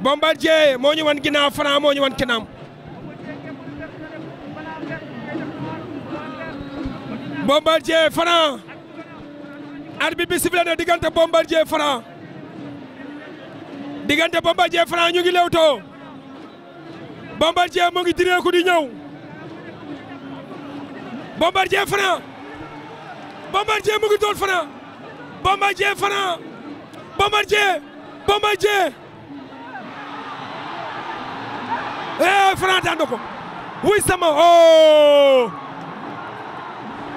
Bombardier moo ñu wan ginnaaw Franc moo ñu wan ginnaaw Bombardier Franc arbitre bi sifflé na diggante Bombardier Franc diggante Bombardier Franc ñu ngi lewtoo Bombardier mu ngi direeku di ñëw Bombardier Franc Bombardier mu ngi doon Franc Bombardier Franc Bombardier Bombardier oh Franc daan na ko wuy sama oh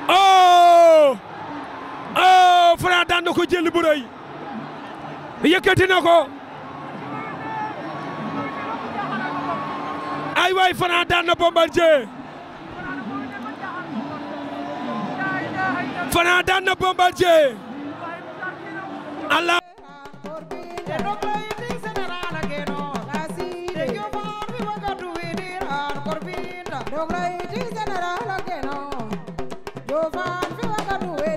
oh oh Franc daan na ko jël bu rëy yëkkati na ko ay waay Franc daan na Bombardier Franc daan na Bombardier Allah Dogra iti general again, oh. Jovan fi wagaduwe.